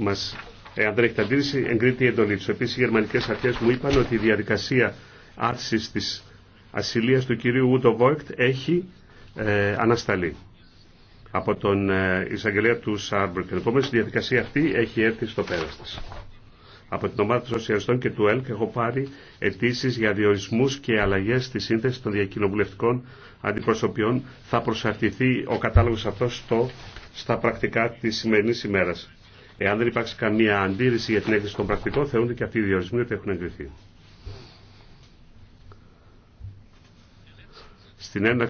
Μα, εάν δεν έχετε αντίρρηση, εγκρίνεται η εντολή του. Επίση, οι γερμανικέ αρχέ μου είπαν ότι η διαδικασία άρση τη ασυλία του κυρίου Ούτο Βόικτ έχει ε, ανασταλεί από τον ε, εισαγγελέα του Σάρμπρουκ. Επομένω, η διαδικασία αυτή έχει έρθει στο πέρα τη. Από την ομάδα των Σοσιαλιστών και του ΕΛΚ έχω πάρει αιτήσει για διορισμού και αλλαγέ στη σύνθεση των διακοινοβουλευτικών αντιπροσωπιών. Θα προσαρτηθεί ο κατάλογο αυτό στα πρακτικά τη σημερινή ημέρα. Εάν δεν υπάρξει καμία αντίρρηση για την έκθεση των πρακτικών, θεωρούνται και αυτοί οι διορισμοί ότι έχουν εγκριθεί. Στην